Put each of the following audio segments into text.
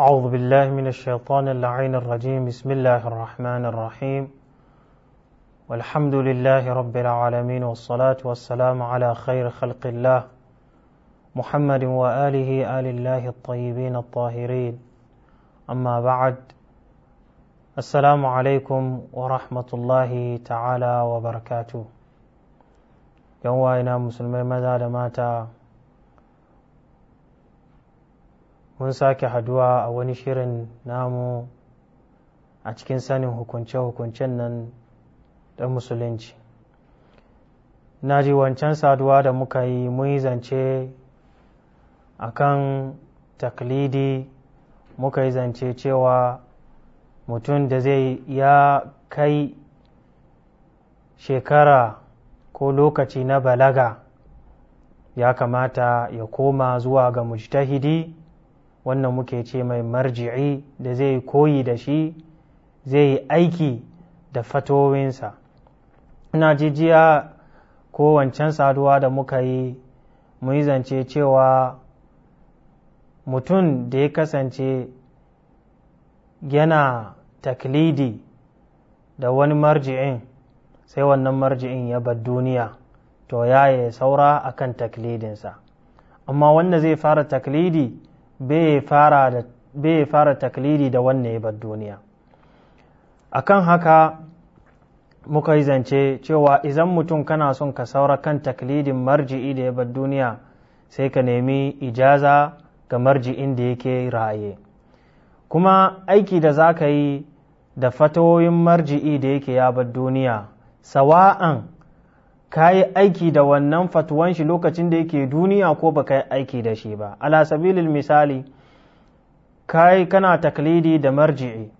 أعوذ بالله من الشيطان اللعين الرجيم بسم الله الرحمن الرحيم والحمد لله رب العالمين والصلاة والسلام على خير خلق الله محمد وآله آل الله الطيبين الطاهرين أما بعد السلام عليكم ورحمة الله تعالى وبركاته يوم مسلمين ماذا ماتا mun sake haduwa a wani shirin namu a cikin sanin hukunce-hukuncen nan da musulunci na ji wancan saduwa da muka yi mun yi zance a kan taklidi muka yi zance cewa mutum da zai ya kai shekara ko lokaci na balaga ya kamata ya koma zuwa ga mujtahidi wannan muke ce mai marji'i da zai yi koyi da shi zai yi aiki da fatowinsa ina jijiya ko wancan saduwa da muka yi mu yi zance cewa mutum da ya kasance yana taklidi da wani marji'in sai wannan marji'in ya bar duniya to ya yi saura akan taklidinsa amma wanda zai fara taklidi bai fara taklidi da wannan ya bar duniya A kan haka muka yi zance cewa idan mutum kana son ka saura kan taklidin marji'i da ya bar duniya sai ka nemi ijaza ga marji'in da yake raye kuma aiki da za ka yi da fatoyin marji'i da yake ya bar duniya sawa'an ka yi aiki da wannan fatuwan shi lokacin da yake duniya ko ba ka yi aiki da shi ba ala sabilil misali ka yi kana taklidi da marji'i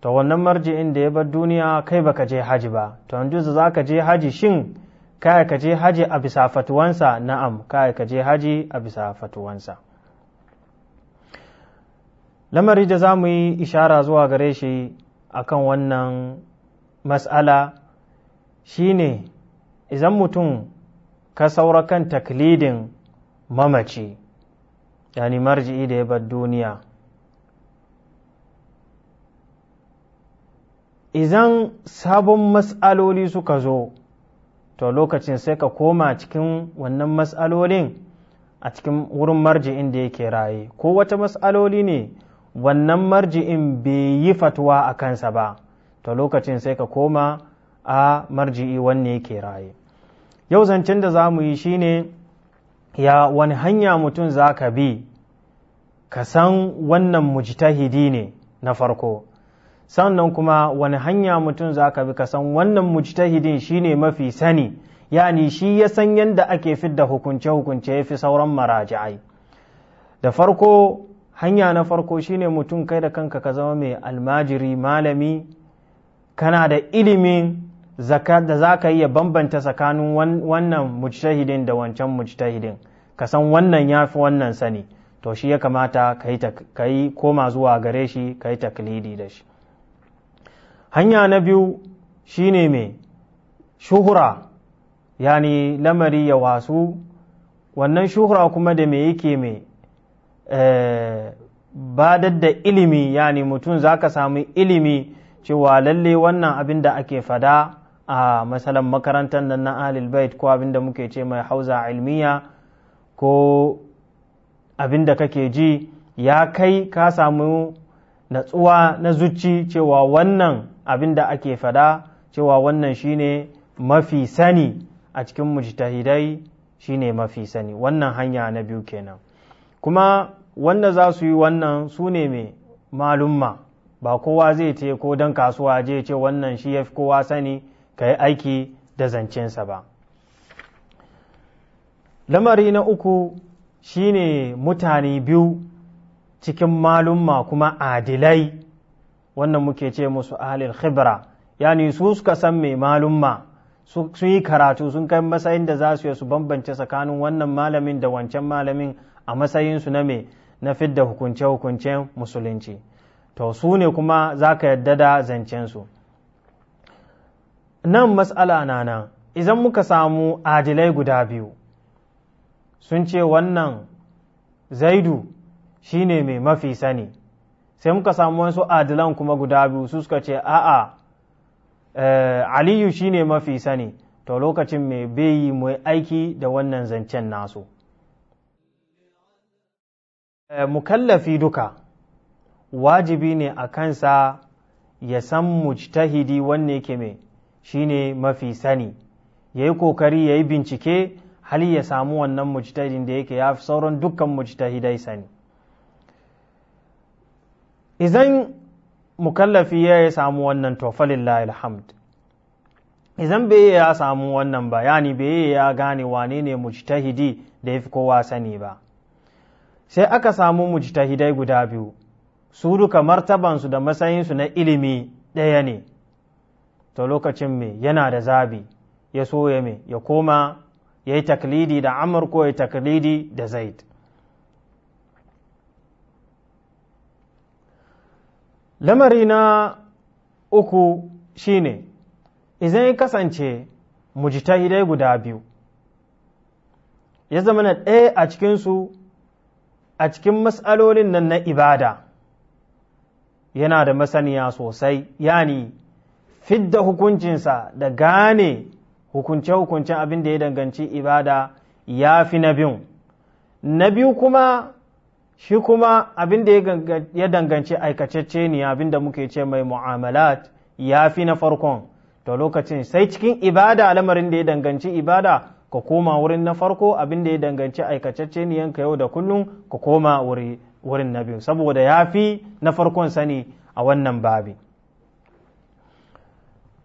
to wannan marji'in da ya bar duniya kai baka je haji ba to yanzu za ka je haji shin kai ka je haji a bisa fatuwansa na'am kai ka je haji a bisa fatuwansa lamari da za mu yi ishara zuwa gare shi akan wannan mas'ala shine idan mutum ka saura kan taklidin mamaci yani marji'i da ya bar duniya idan sabon matsaloli suka zo to lokacin sai ka koma cikin wannan matsalolin a cikin wurin marji'in da yake raye ko wata matsaloli ne wannan marji'in bai yi fatuwa a kansa ba to lokacin sai ka koma a marji'i wanne yake raye yau zancen da za mu yi shine ya wani hanya mutum za ka bi ka san wannan mujtahidi ne na farko sannan kuma wani hanya mutum za ka bi ka san wannan mujtahidin shine mafi sani yani shi ya san yadda ake fidda hukunce-hukunce ya fi sauran maraji'ai da farko hanya na farko shine mutum kai da kanka ka zama mai almajiri malami kana da ilimin da za ka iya bambanta tsakanin wannan mujtahidin da wancan mujtahidin ka san wannan ya fi wannan sani to shi ya kamata ka yi koma zuwa gare shi ka yi taklidi da shi hanya na biyu shi ne mai shuhura yani lamari ya wasu wannan shuhura kuma da me yake mai eh, ba da ilimi yani mutum za ka samu ilimi cewa lalle wannan abin da ake fada a masalan makarantar nan na ahlul bait ko abin da muke ce mai hauza ilmiya ko abin da kake ji ya kai ka samu natsuwa na zuci cewa wannan abin da ake fada cewa wannan shine mafi sani a cikin mujtahidai shine mafi sani wannan hanya na biyu kenan kuma wanda za su yi wannan su ne mai malumma ba kowa zai ce ko don kasuwa je ce wannan shi ya fi kowa sani ka yi aiki da zancensa ba lamari na uku shine mutane biyu cikin malumma kuma adilai wannan muke ce musu ahlil khibra yani su suka san mai malumma su yi karatu sun kai matsayin da za su yi su bambance tsakanin wannan malamin da wancan malamin a matsayinsu na mai na fidda hukunce-hukuncen musulunci to su ne kuma za ka yadda da zancensu nan matsala na nan idan muka samu adilai guda biyu sun ce wannan zaidu shine mai mafi sani sai muka samu wasu adilan kuma guda biyu su suka ce a'a eh, aliyu shine mafi sani to lokacin mai beyi mai aiki da wannan zancen nasu eh, mukallafi duka wajibi ne a kansa ya san mujtahidi wanne yake mai shine mafi sani ya yi kokari ya yi bincike hali ya samu wannan mujtahidin da yake ya fi sauran dukkan mujtahidai sani Izan mukallafi ya yi samu wannan tofalin alhamd Izan bai ya samu wannan ba bai ya gane wane ne mujtahidi da ya fi kowa sani ba sai aka samu mujtahidai guda biyu su duka martabansu da matsayinsu na ilimi ɗaya ne to lokacin me yana da zabi ya soye me ya koma ya yi taklidi da amur ko ya taklidi da zaid lamari na uku shine idan ya kasance mujtahidai guda biyu ya zama na ɗaya a cikinsu a cikin matsalolin nan na ibada yana da masaniya sosai yani fidda hukuncinsa da gane hukunce-hukuncen abin da ya danganci ibada ya fi na biyu na biyu kuma shi kuma abin da ya danganci aikacecce ne abin da muke ce mai mu'amalat ya fi na farkon to lokacin sai cikin ibada lamarin da ya danganci ibada ka koma wurin na farko abin da ya danganci aikacecce ne yanka yau da kullum ka koma wurin na biyu saboda ya fi na farkon sani a wannan babi.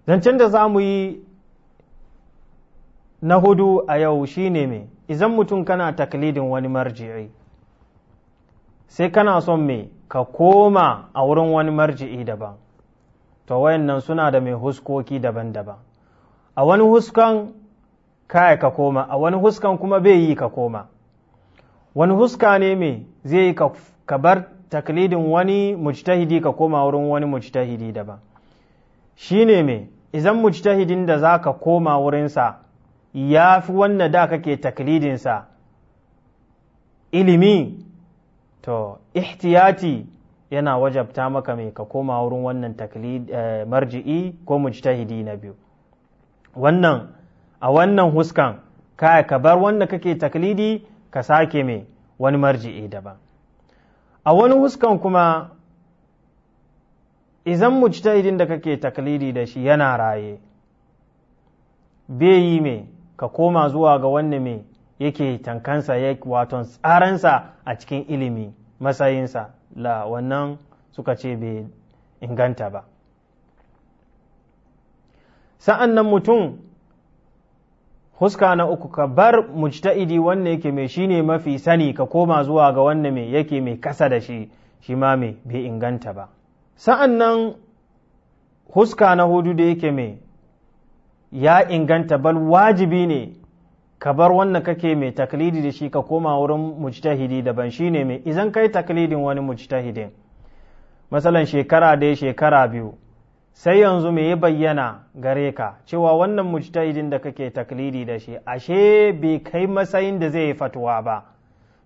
zancen da za mu yi na hudu a yau shine me izan mutum kana taklidin wani marji'i sai kana son me ka koma a wurin wani marji'i daban to wayannan suna da mai huskoki daban-daban a wani huskan kaya ka koma a wani huskan kuma bai yi ka koma wani huska ne me zai yi ka bar taklidin wani mujtahidi ka koma wurin wani mujtahidi daban shi ne me izan mujtahidin da za ka koma wurinsa ya fi wanda da kake taklidin sa ilimi to ihtiyati yana wajabta maka mai ka koma wurin wannan taklid eh, marji'i ko mujtahidi na biyu wannan a wannan huskan kaya ka bar wanda kake taklidi ka sake mai wani marji'i daban a wani huskan kuma izan mujtahidin da kake taklidi da shi yana raye bai yi me ka koma zuwa ga wanne me yake tankansa ya waton tsaransa a cikin ilimi matsayinsa la wannan suka ce bai inganta ba sa'an nan mutum huska na uku ka bar mujtahidi wanne yake mai shi ne mafi sani ka koma zuwa ga wanne mai yake mai kasa da shi shi ma mai bai inganta ba sa'an nan huska na hudu da yake mai ya inganta bal wajibi ne ka bar wannan kake mai taklidi da shi ka koma wurin mujtahidi daban shi ne mai izan kai taklidin wani mujtahidin matsalan shekara da shekara biyu sai yanzu me ya bayyana gare ka cewa wannan mujtahidin da kake taklidi da shi ashe bai kai matsayin da zai yi fatuwa ba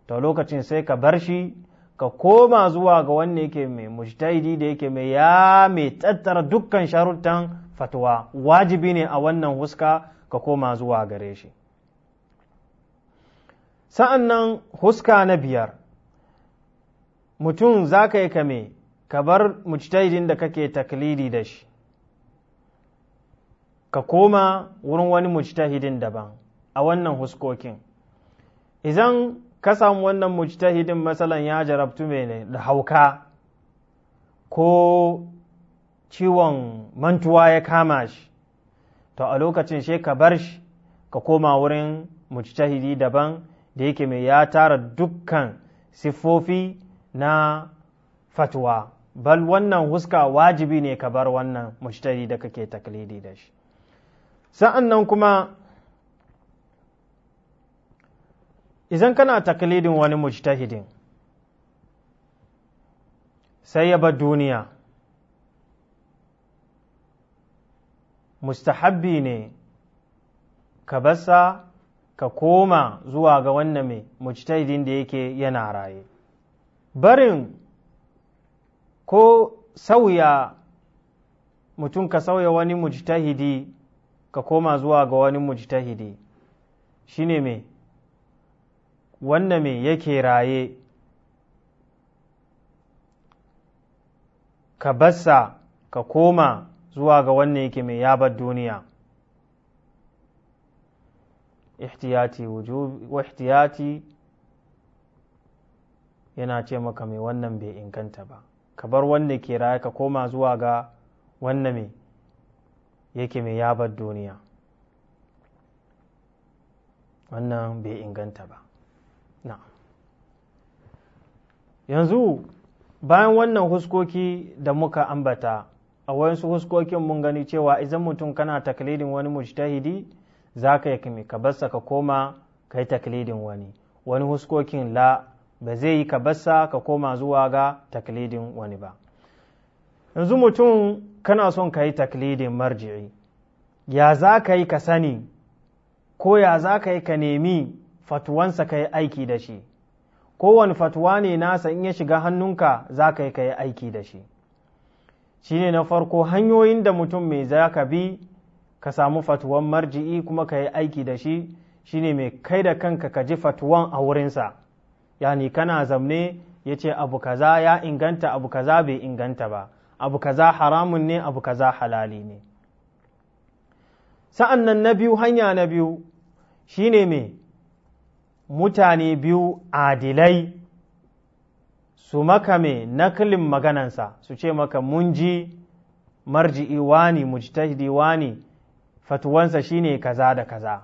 to lokacin sai ka bar shi ka koma zuwa ga wanne yake mai mujtahidi da yake mai ya mai tattara dukkan sharuttan fatuwa wajibi ne a wannan huska ka koma zuwa gare shi Sa'annan huska na biyar mutum za ka yi kame ka bar mujtahidin da kake taklidi da shi ka koma wurin wani mujtahidin daban a wannan huskokin idan ka samu wannan mujtahidin matsalan ya jarabtu mai da hauka ko ciwon mantuwa ya kama shi to a lokacin shi ka bar shi ka koma wurin mujtahidi daban da yake mai ya tara dukkan siffofi na fatuwa bal wannan huska wajibi ne ka bar wannan mujtahidi da kake taklidi da shi sa'an nan kuma Izan kana taklidin wani mujtahidin sai ya bar duniya mustahabbi ne ka basa ka koma zuwa ga wannan mai mujtahidin da yake yana raye barin ko sauya mutum ka sauya wani mujtahidi ka koma zuwa ga wani mujtahidi shine mai wanda me yake raye ka bassa ka koma zuwa ga wanda yake mai yabar duniya ihtiyati wa ihtiyati yana ce maka mai wannan bai inganta ba ka bar wanda ke raye ka koma zuwa ga wanda mai yake mai yabar duniya wannan bai inganta ba yanzu bayan wannan huskoki da muka ambata a wayansu huskokin mun gani cewa idan mutum kana taklidin wani mujtahidi za ka yi ka bassa ka koma ka yi taklidin wani wani huskokin la ba zai yi ka bassa ka koma zuwa ga taklidin wani ba yanzu mutum kana son ka yi taklidin marji'i ya za ka yi ka sani ko ya za ka yi ka nemi fatuwansa ka yi aiki da shi kowane fatuwa ne nasa in ya shiga hannunka za ka yi ka yi aiki da shi shi ne na farko hanyoyin da mutum mai za ka bi ka samu fatuwan marji'i kuma ka yi aiki da shi shi ne mai kai da kanka ka ji fatuwan a wurinsa yani kana zamne ya ce abu kaza ya inganta abu kaza bai inganta ba abu kaza haramun ne abu kaza halali ne sa'an nan na biyu hanya na biyu shi ne mai mutane biyu adilai su maka mai nakalin maganansa su ce maka mun ji marji'i wani mujtahidi wani fatuwansa shine kaza da kaza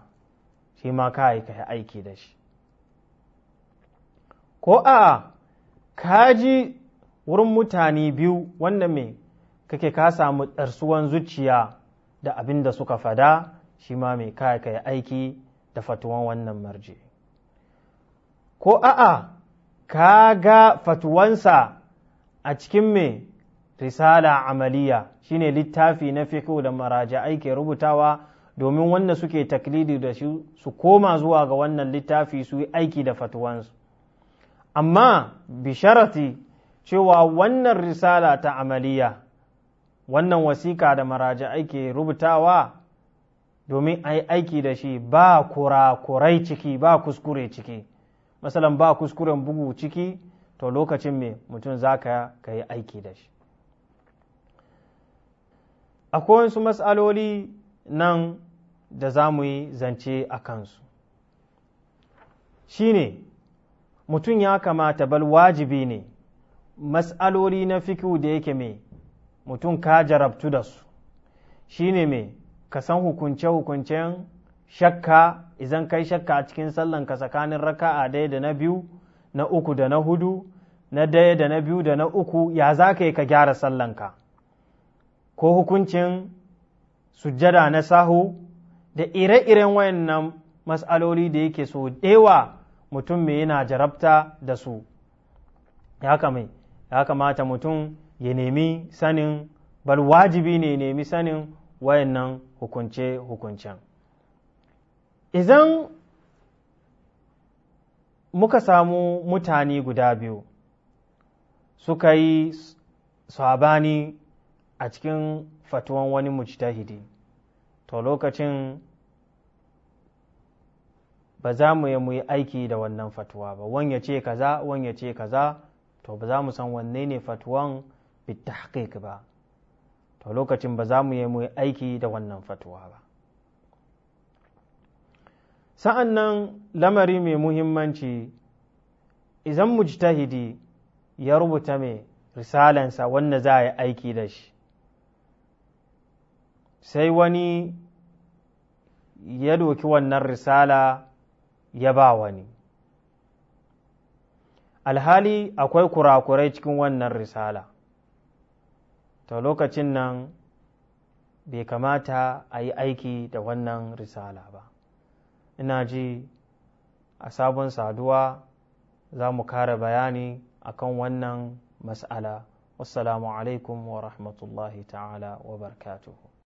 shi ma ka yi aiki da shi ko a ka ji wurin mutane biyu wanda mai kake ka samu ɗarsuwan zuciya da abin da suka fada shi ma mai ka aiki da fatuwan wannan marji ko a'a ka ga fatuwansa a cikin mai risala amaliya shine littafi na fiko da maraja'ai aike rubutawa domin wanda suke taklidi da shi su koma zuwa ga wannan littafi su yi aiki da fatuwansu amma bisharati cewa wannan risala ta amaliya wannan wasika da maraja'ai aike rubutawa domin a yi aiki da shi ba kura-kurai ciki ba kuskure ciki masalan ba kuskuren bugu ciki to lokacin me mutum za ka yi aiki da shi akwai wasu matsaloli nan da za mu yi zance a kansu shi ne mutum ya kamata bal wajibi ne matsaloli na fikihu da yake mai mutum ka jarabtu da su shi ne mai ka san hukunce-hukuncen shakka idan kai shakka a cikin sallanka tsakanin raka'a daya da na biyu na uku da na hudu na daya da na biyu da na uku ya za ka yi ka gyara sallanka ko hukuncin sujjada na sahu da ire-iren wayannan mas'aloli da yake so dewa mutum mai yana jarabta da su ya kamata mutum ya nemi sanin bal wajibi ne nemi sanin wayannan hukunce-hukuncen idan muka samu mutane guda biyu suka yi sabani a cikin fatuwan wani mujtahidi to lokacin ba za mu yi aiki da wannan fatuwa ba wani ya ce kaza wani ya ce kaza to ba za mu san wanne ne fatuwan bitahqiq ba to lokacin ba za mu yi aiki da wannan fatuwa ba sa'an nan lamari mai muhimmanci idan mujtahidi ya rubuta mai risalansa wanda za a yi aiki da shi sai wani ya doki wannan risala ya ba wani alhali akwai kurakurai cikin wannan risala ta lokacin nan bai kamata a yi aiki da wannan risala ba ina ji a sabon saduwa za mu kara bayani akan wannan mas'ala wassalamu alaikum wa rahmatullahi ta'ala wa barakatuhu